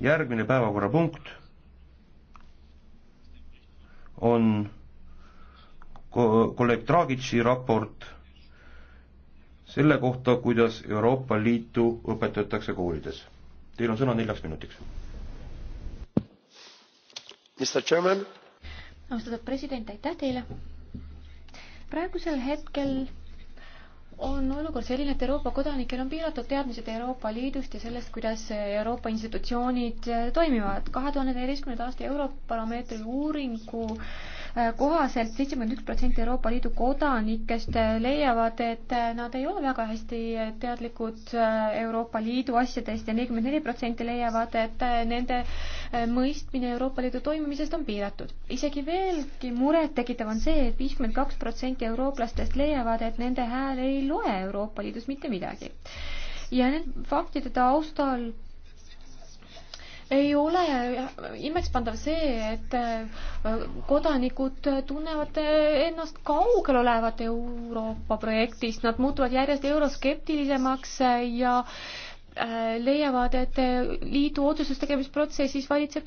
järgmine päevakorrapunkt on kolleeg Dragici raport selle kohta, kuidas Euroopa Liitu õpetatakse koolides. Teil on sõna neljaks minutiks. austatud president, aitäh teile! praegusel hetkel on olukord selline, et Euroopa kodanikel on piiratud teadmised Euroopa Liidust ja sellest, kuidas Euroopa institutsioonid toimivad. kahe tuhande neljateistkümnenda aasta Eurobaromeetri uuringu äh, Äh, kohaselt seitsekümmend üks protsenti Euroopa Liidu kodanikest äh, leiavad, et äh, nad ei ole väga hästi teadlikud Euroopa Liidu asjadest ja nelikümmend neli protsenti leiavad, et nende mõistmine Euroopa Liidu toimimisest on piiratud. isegi veelgi murettekitav on see et, et viiskümmend kaks protsenti eurooplastest leiavad, et nende hääl ei loe Euroopa Liidus mitte midagi. ja nende faktide taustal ei ole imekspandav see, et äh, kodanikud tunnevad äh, ennast kaugel olevat Euroopa projektist, nad muutuvad järjest euroskeptilisemaks äh, ja leiavad, et liidu otsustustegemisprotsessis valitseb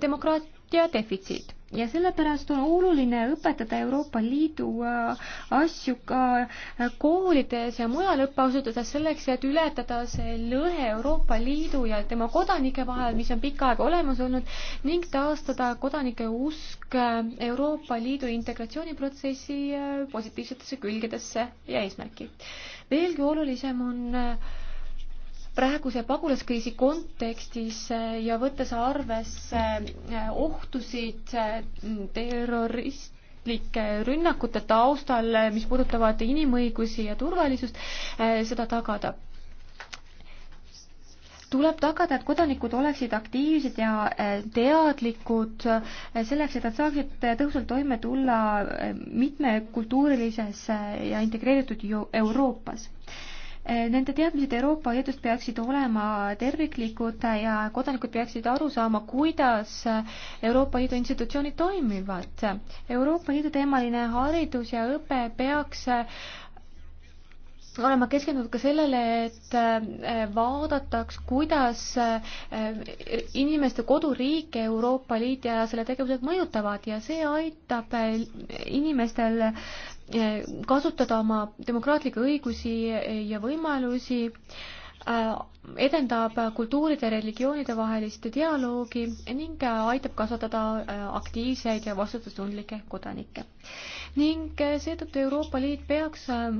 demokraatia defitsiit ja sellepärast on oluline õpetada Euroopa Liidu äh, asju ka äh, koolides ja mujal õppeasutustes selleks, et ületada see lõhe Euroopa Liidu ja tema kodanike vahel, mis on pikka aega olemas olnud, ning taastada kodanike usk äh, Euroopa Liidu integratsiooniprotsessi positiivsetesse külgedesse ja eesmärki. veelgi olulisem on äh, praeguse pagulaskriisi kontekstis äh, ja võttes arvesse äh, ohtusid äh, terrorist, riiklike rünnakute taustal, mis puudutavad inimõigusi ja turvalisust, seda tagada. tuleb tagada, et kodanikud oleksid aktiivsed ja teadlikud selleks, et nad saaksid tõhusalt toime tulla mitmekultuurilises ja integreeritud Euroopas Eh, nende teadmised Euroopa Liidust peaksid olema terviklikud ja kodanikud peaksid aru saama, kuidas Euroopa Liidu institutsioonid toimivad. Euroopa Liidu teemaline haridus ja õpe peaks eh, olema keskendunud ka sellele, et eh, vaadataks, kuidas inimeste koduriik Euroopa Liit ja selle tegevused mõjutavad ja see aitab inimestel Eh, kasutada oma demokraatlikke õigusi ja võimalusi, eh, edendab kultuuride ja religioonide vahelist dialoogi ning aitab kasvatada eh, aktiivseid ja vastutustundlikke kodanikke ning eh, seetõttu Euroopa Liit peaks eh,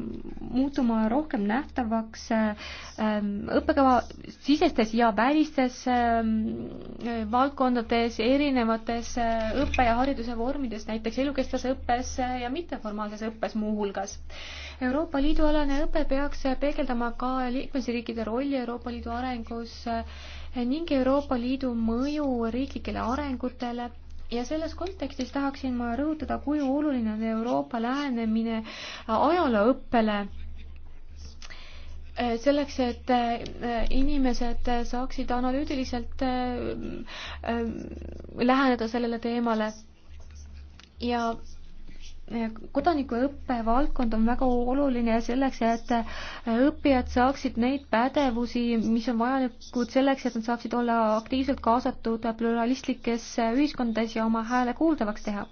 muutuma rohkem nähtavaks eh, õppekava sisestes ja välistes valdkondades, erinevates õppe- ja hariduse vormides, näiteks elukestvas õppes ja mitteformaalses õppes muuhulgas. Euroopa Liidu alane õpe peaks peegeldama ka liikmesriikide rolli Euroopa Liidu arengus ning Euroopa Liidu mõju riiklikele arengutele ja selles kontekstis tahaksin ma rõhutada, kui oluline on Euroopa lähenemine ajalooõppele äh, selleks, et äh, inimesed saaksid analüütiliselt äh, läheneda sellele teemale ja kodanikuõppe valdkond on väga oluline selleks, et õppijad saaksid neid pädevusi, mis on vajalikud selleks, et nad saaksid olla aktiivselt kaasatud pluralistlikesse ühiskondades ja oma hääle kuuldavaks teha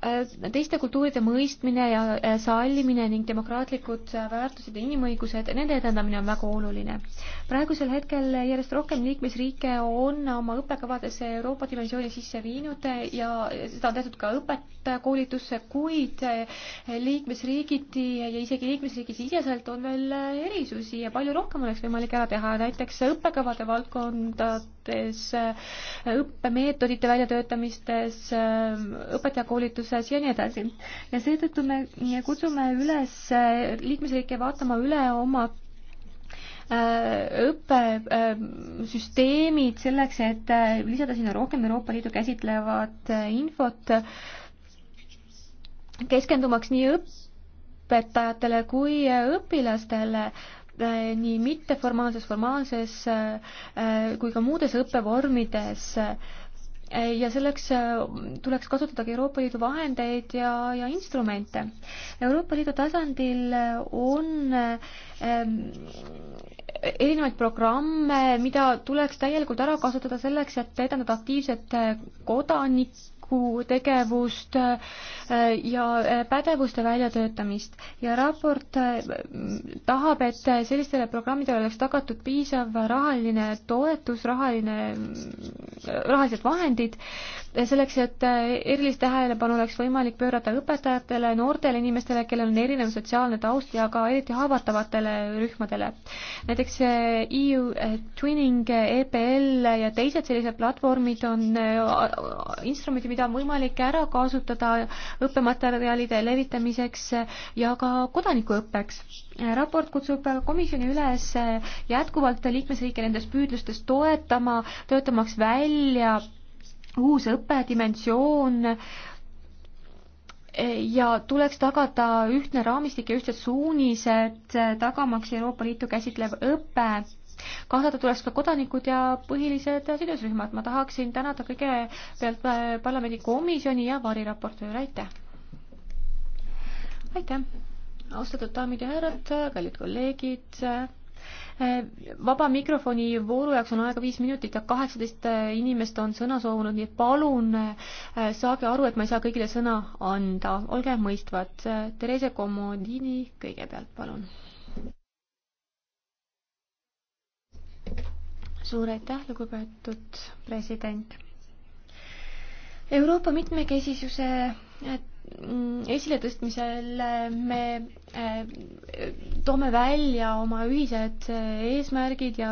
Äh, teiste kultuuride mõistmine ja äh, sallimine ning demokraatlikud äh, väärtused ja inimõigused, nende edendamine on väga oluline. praegusel hetkel järjest rohkem liikmesriike on oma õppekavadesse Euroopa dimensiooni sisse viinud ja seda on tehtud ka õpetajakoolitusse, kuid liikmesriigiti ja isegi liikmesriigi siseselt on veel erisusi ja palju rohkem oleks võimalik ära teha, näiteks õppekavade valdkonda õppekavades, õppemeetodite väljatöötamistes, õpetajakoolituses ja nii edasi. ja seetõttu me kutsume üles liikmesriike vaatama üle oma äh, õppesüsteemid selleks, et äh, lisada sinna rohkem Euroopa Liidu käsitlevat äh, infot, keskendumaks nii õpetajatele kui õpilastele Äh, nii mitteformaalses, formaalses äh, kui ka muudes õppevormides äh, ja selleks tuleks kasutadagi Euroopa Liidu vahendeid ja, ja instrumente. Euroopa Liidu tasandil on ähm, erinevaid programme, mida tuleks täielikult ära kasutada selleks, et edendada aktiivset kodanik-, arengutegevust äh, ja äh, pädevuste väljatöötamist ja raport äh, tahab, et sellistele programmidele oleks tagatud piisav rahaline toetus, rahaline, rahalised vahendid selleks, et erilist tähelepanu oleks võimalik pöörata õpetajatele, noortele inimestele, kellel on erinev sotsiaalne taust ja ka eriti haavatavatele rühmadele. näiteks EU Twinning, EPL ja teised sellised platvormid on instrumendid, mida mida on võimalik ära kasutada õppematerjalide levitamiseks ja ka kodanikuõppeks. raport kutsub komisjoni üles jätkuvalt liikmesriike nendes püüdlustes toetama, töötamaks välja uus õppedimensioon ja tuleks tagada ühtne raamistik ja ühtsed suunised, tagamaks Euroopa Liitu käsitlev õpe kaasata tuleks ka kodanikud ja põhilised sidusrühmad. ma tahaksin tänada kõigepealt äh, parlamendikomisjoni ja variraportööre, aitäh! aitäh! austatud daamid ja härrad, kallid kolleegid, äh, vaba mikrofoni vooru jaoks on aega viis minutit ja kaheksateist äh, inimest on sõna soovinud, nii et palun saage aru, et ma ei saa kõigile sõna anda, olge mõistvad. Therese Comodini kõigepealt, palun suur aitäh, lugupeetud president. Euroopa mitmekesisuse Mm, esiletõstmisel me äh, toome välja oma ühised äh, eesmärgid ja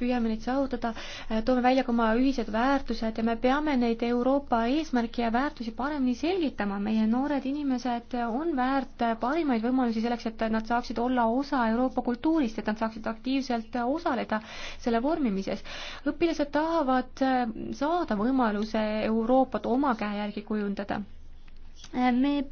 püüame neid saavutada, äh, toome välja ka oma ühised väärtused ja me peame neid Euroopa eesmärke ja väärtusi paremini selgitama. meie noored inimesed on väärt parimaid võimalusi selleks, et nad saaksid olla osa Euroopa kultuurist, et nad saaksid aktiivselt osaleda selle vormimises. õpilased tahavad saada võimaluse Euroopat oma käe järgi kujundada me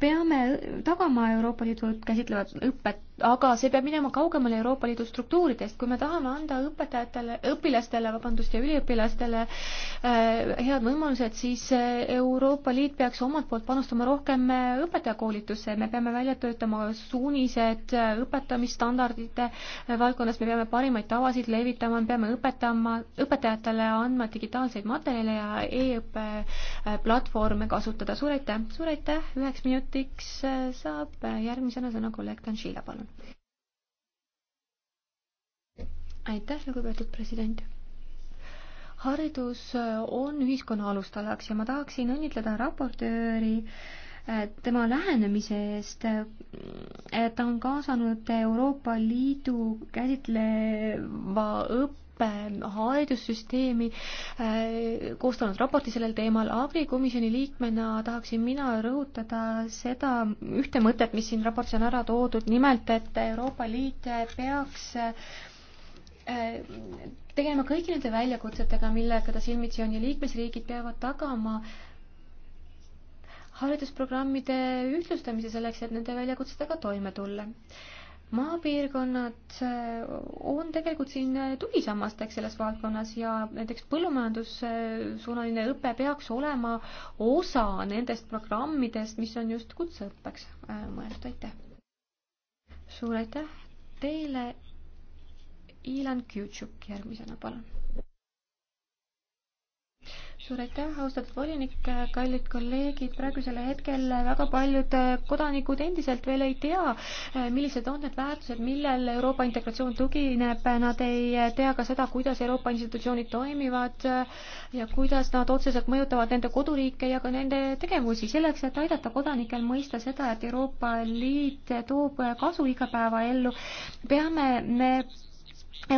peame tagama Euroopa Liidu käsitlevat õpet aga see peab minema kaugemale Euroopa Liidu struktuuridest, kui me tahame anda õpetajatele, õpilastele, vabandust, ja üliõpilastele äh, head võimalused, siis äh, Euroopa Liit peaks omalt poolt panustama rohkem äh, õpetajakoolitusse, me peame välja töötama suunised õpetamisstandardite valdkonnas, me peame parimaid tavasid levitama, me peame õpetama, õpetajatele andma digitaalseid materjale ja e-õppeplatvorme kasutada, suur aitäh, suur aitäh, üheks minutiks saab järgmisena sõna kolleeg Tanšila, palun aitäh, lugupeetud president haridus äh, on ühiskonna alustalaks ja ma tahaksin õnnitleda raportööri äh, tema lähenemise eest, äh, et ta on kaasanud Euroopa Liidu käsitleva õppe haridussüsteemi, äh, koostanud raporti sellel teemal. Agri komisjoni liikmena tahaksin mina rõhutada seda ühte mõtet, mis siin raportis on ära toodud, nimelt et Euroopa Liit peaks äh, tegelema kõigi nende väljakutsetega, millega ta silmitsi on ja liikmesriigid peavad tagama haridusprogrammide ühtlustamise selleks, et nende väljakutsetega toime tulla maapiirkonnad äh, on tegelikult siin äh, tugisammasteks selles valdkonnas ja näiteks põllumajandussuunaline äh, õpe peaks olema osa nendest programmidest, mis on just kutseõppeks mõeldud, aitäh. suur aitäh teile, Ilan Kjutšuk järgmisena, palun suur aitäh, austatud volinik, kallid kolleegid, praegusel hetkel väga paljud kodanikud endiselt veel ei tea, millised on need väärtused, millel Euroopa integratsioon tugineb, nad ei tea ka seda, kuidas Euroopa institutsioonid toimivad ja kuidas nad otseselt mõjutavad nende koduriike ja ka nende tegevusi. selleks, et aidata kodanikel mõista seda, et Euroopa Liit toob kasu igapäevaellu, peame me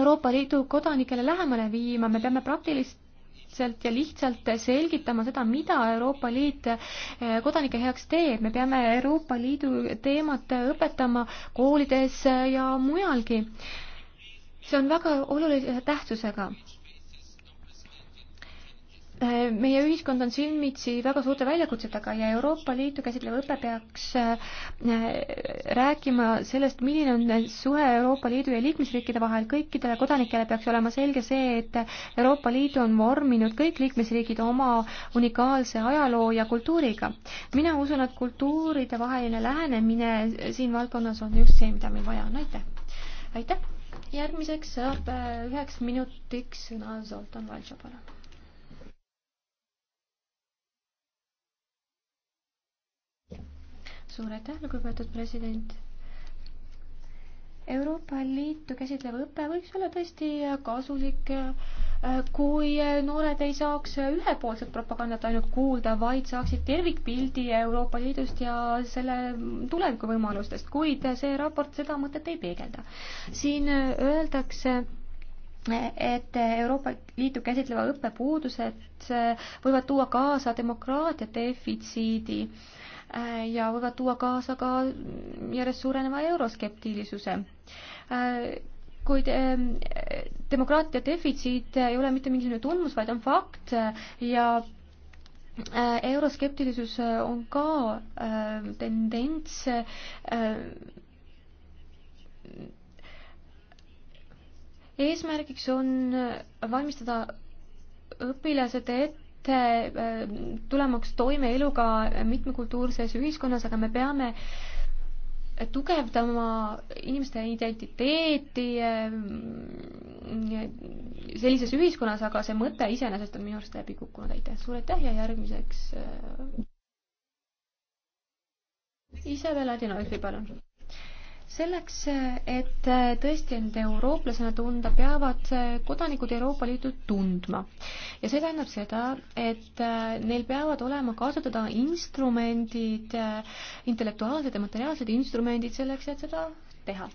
Euroopa Liidu kodanikele lähemale viima, me peame praktilist täpselt ja lihtsalt selgitama seda, mida Euroopa Liit eh, kodanike heaks teeb. me peame Euroopa Liidu teemat õpetama koolides ja mujalgi. see on väga olulise tähtsusega meie ühiskond on silmitsi väga suurte väljakutsetega ja Euroopa Liitu käsitlev õpe peaks äh, rääkima sellest, milline on suhe Euroopa Liidu ja liikmesriikide vahel. kõikidele kodanikele peaks olema selge see, et Euroopa Liidu on vorminud kõik liikmesriigid oma unikaalse ajaloo ja kultuuriga. mina usun, et kultuuride vaheline lähenemine siin valdkonnas on just see, mida meil vaja on. aitäh! aitäh! järgmiseks saab äh, üheks minutiks sõna Zoltan Valtšo, palun suur aitäh, lugupeetud president. Euroopa Liitu käsitlev õpe võiks olla tõesti kasulik, äh, kui noored ei saaks ühepoolset propagandat ainult kuulda, vaid saaksid tervikpildi Euroopa Liidust ja selle tulevikuvõimalustest, kuid see raport seda mõtet ei peegelda. siin öeldakse et Euroopa Liitu käsitleva õppe puudused äh, võivad tuua kaasa demokraatia defitsiidi äh, Äh, ja võivad tuua kaasa ka järjest suureneva euroskeptilisuse äh, kuid ähm, demokraatia defitsiit ei ole mitte mingisugune tunnus, vaid on fakt äh, ja euroskeptilisus on ka tendents eesmärgiks on valmistada õpilased ette Äh, tulemaks toime eluga mitmekultuurses ühiskonnas, aga me peame tugevdama inimeste identiteeti äh, sellises ühiskonnas, aga see mõte iseenesest on minu arust läbi kukkunud, aitäh, suur aitäh ja järgmiseks äh, Isabel Adinovi, palun selleks, et tõesti end eurooplasena tunda, peavad kodanikud Euroopa Liitu tundma. ja see tähendab seda, et neil peavad olema kasutada instrumendid, intellektuaalsed ja materiaalsed instrumendid selleks, et seda teha.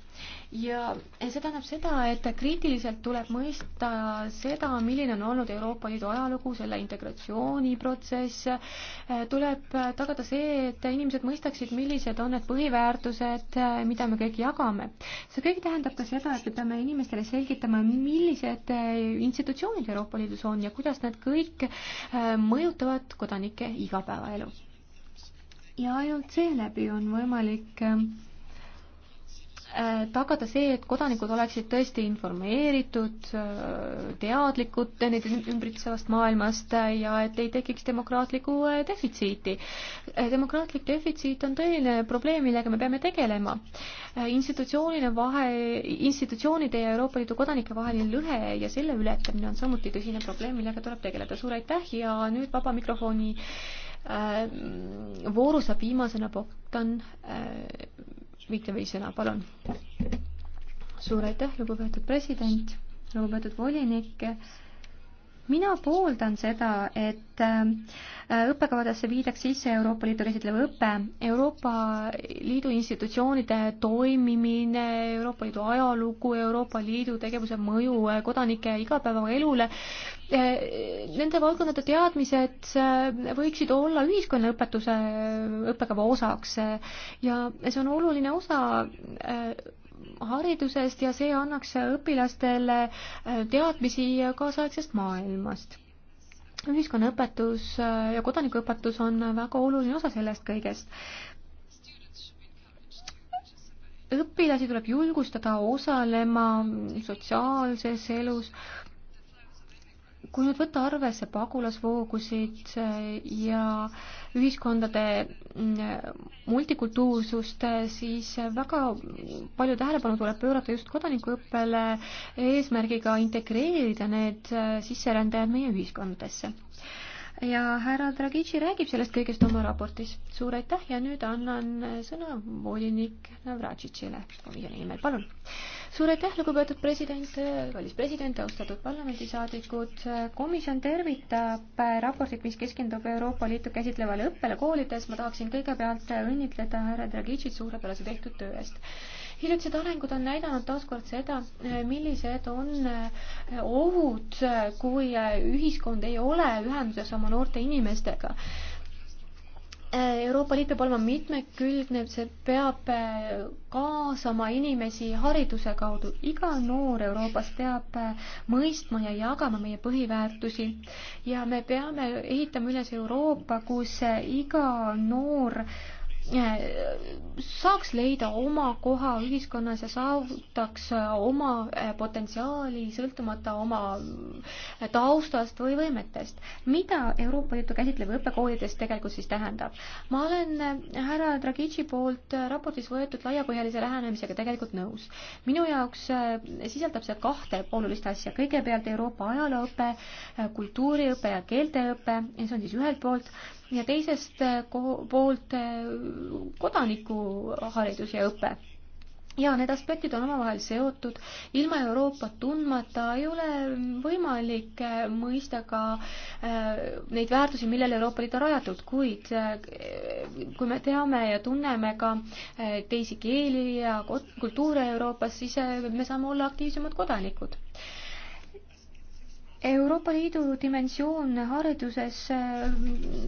ja see tähendab seda, et kriitiliselt tuleb mõista seda, milline on olnud Euroopa Liidu ajalugu, selle integratsiooniprotsess, tuleb tagada see, et inimesed mõistaksid, millised on need põhiväärtused, mida me kõik jagame. see kõik tähendab ka seda, et me peame inimestele selgitama, millised institutsioonid Euroopa Liidus on ja kuidas need kõik äh, mõjutavad kodanike igapäevaelu ja ainult seeläbi on võimalik äh, tagada see, et kodanikud oleksid tõesti informeeritud, äh, teadlikud neid ümbritsevast maailmast ja et ei tekiks demokraatlikku äh, defitsiiti. Äh, demokraatlik defitsiit on tõeline probleem, millega me peame tegelema. institutsioonide vahe, institutsioonide ja Euroopa Liidu kodanike vaheline lõhe ja selle ületamine on samuti tõsine probleem, millega tuleb tegeleda. suur aitäh ja nüüd vaba mikrofoni vooru saab viimasena Bogdan viite või sõna, palun. suur aitäh, lugupeetud president, lugupeetud volinik mina pooldan seda, et äh, õppekavadesse viidaks sisse Euroopa Liidu käsitlev õpe, Euroopa Liidu institutsioonide toimimine, Euroopa Liidu ajalugu, Euroopa Liidu tegevuse mõju äh, kodanike igapäevaelule. Äh, nende valdkondade teadmised võiksid olla ühiskonnaõpetuse õppekava osaks ja see on oluline osa haridusest ja see annaks õpilastele äh, teadmisi kaasaegsest maailmast. ühiskonnaõpetus äh, ja kodanikuõpetus on väga oluline osa sellest kõigest õpilasi tuleb julgustada osalema sotsiaalses elus, kui nüüd võtta arvesse pagulasvoogusid äh, ja ühiskondade mm, äh, multikultuursust, äh, siis väga palju tähelepanu tuleb pöörata just kodanikuõppele eesmärgiga integreerida need sisserändajad meie ühiskondadesse ja härra Dragici räägib sellest kõigest oma raportis. suur aitäh ja nüüd annan sõna volinik Navratšitšile komisjoni nimel, palun. suur aitäh, lugupeetud president, kallis president, austatud parlamendisaadikud. komisjon tervitab raportit, mis keskendub Euroopa Liitu käsitlevale õppele koolides. ma tahaksin kõigepealt õnnitleda härra Dragicit suurepärase tehtud töö eest hiljutised arengud on näidanud taaskord seda, millised on äh, ohud, kui äh, ühiskond ei ole ühenduses oma noorte inimestega äh, Euroopa Liit peab olema mitmekülgne, see peab kaasama inimesi hariduse kaudu. iga noor Euroopas peab mõistma ja jagama meie põhiväärtusi ja me peame ehitama üles Euroopa, kus iga noor saaks leida oma koha ühiskonnas ja saavutaks oma äh, potentsiaali sõltumata oma äh, taustast või võimetest. mida Euroopa Liitu käsitlev õpe koolides tegelikult siis tähendab? ma olen äh, härra Dragici poolt raportis võetud laiapõhjalise lähenemisega tegelikult nõus. minu jaoks sisaldab see kahte olulist asja, kõigepealt Euroopa ajalooõpe, kultuuriõpe ja keelteõpe, see on siis ühelt poolt, ja teisest poolt kodanikuharidus ja õpe ja need aspektid on omavahel seotud. ilma Euroopat tundmata ei ole võimalik äh, mõista ka äh, neid väärtusi, millele Euroopa Liit on rajatud, kuid äh, kui me teame ja tunneme ka teisi keeli ja kultuure Euroopas, siis me saame olla aktiivsemad kodanikud Euroopa Liidu dimensioon hariduses äh,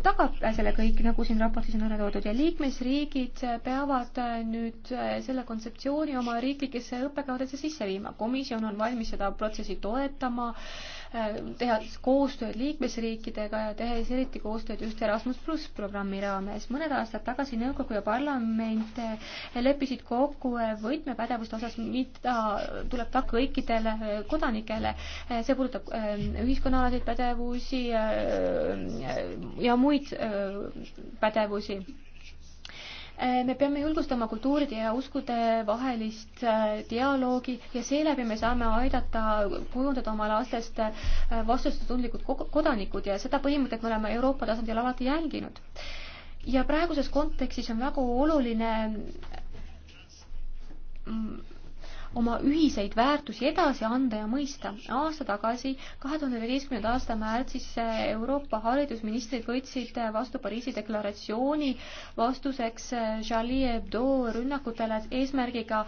tagab selle kõik, nagu siin raportis on ära toodud ja liikmesriigid peavad äh, nüüd äh, selle kontseptsiooni oma riiklikesse õppekavadesse sisse viima. komisjon on valmis seda protsessi toetama äh, teha koostööd liikmesriikidega ja tehes eriti koostööd just Erasmus pluss programmi raames. mõned aastad tagasi nõukogu ja parlament leppisid kokku võtmepädevuste osas, mida tuleb ta kõikidele kodanikele. see puudutab äh, ühiskonnaalaseid pädevusi äh, ja muid äh, pädevusi Eh, me peame julgustama kultuuride ja uskude vahelist eh, dialoogi ja seeläbi me saame aidata kujundada oma lastest eh, vastutustundlikud kodanikud ja seda põhimõtet me oleme Euroopa tasandil alati jälginud. ja praeguses kontekstis on väga oluline mm, oma ühiseid väärtusi edasi anda ja mõista. aasta tagasi, kahe tuhande üheteistkümnenda aasta märtsis eh, Euroopa haridusministrid võtsid eh, vastu Pariisi deklaratsiooni vastuseks eh, Charlie Hebdo rünnakutele eesmärgiga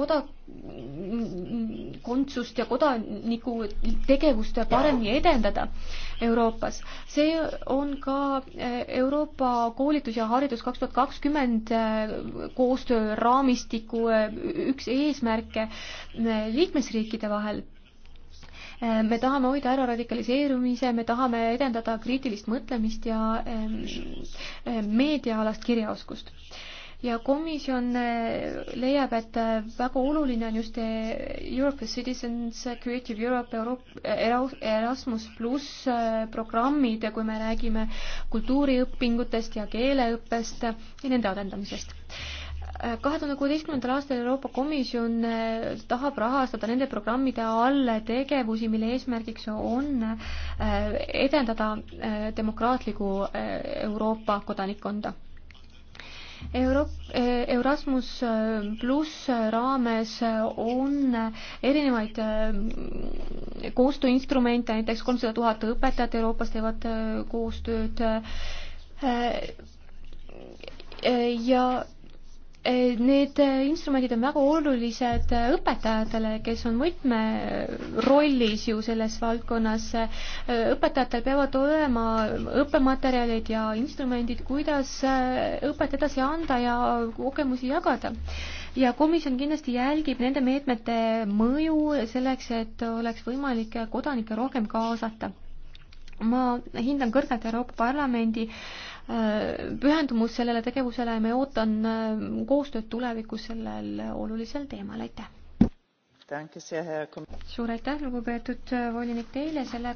koda-, kodakondsust ja kodaniku tegevust paremini edendada Euroopas. see on ka eh, Euroopa koolitus ja haridus kaks tuhat kakskümmend eh, koostööraamistiku eh, üks eesmärke liikmesriikide vahel me tahame hoida ära radikaliseerumise, me tahame edendada kriitilist mõtlemist ja meediaalast kirjaoskust ja komisjon eh, leiab, et eh, väga oluline on just eh, Europe Citizens Creative Europe, Europe Erasmus pluss programmid, kui me räägime kultuuriõpingutest ja keeleõppest ja nende arendamisest kahe tuhande kuueteistkümnendal aastal Euroopa Komisjon tahab rahastada nende programmide all tegevusi, mille eesmärgiks on edendada demokraatlikku Euroopa kodanikkonda Euro-, Erasmus äh, pluss äh, raames äh, on erinevaid koostööinstrumente, näiteks kolmsada tuhat õpetajat Euroopas teevad koostööd ja Eh, need eh, instrumendid on väga olulised eh, õpetajatele, kes on võtmerollis ju selles valdkonnas. õpetajatel peavad olema õppematerjalid ja instrumendid, kuidas õpet edasi anda ja kogemusi jagada. ja komisjon kindlasti jälgib nende meetmete mõju selleks, et oleks võimalik kodanikke rohkem kaasata ma hindan kõrgelt Euroopa Parlamendi äh, pühendumus sellele tegevusele ja me ootan äh, koostööd tulevikus sellel olulisel teemal, aitäh! suur aitäh, lugupeetud äh, volinik, teile selle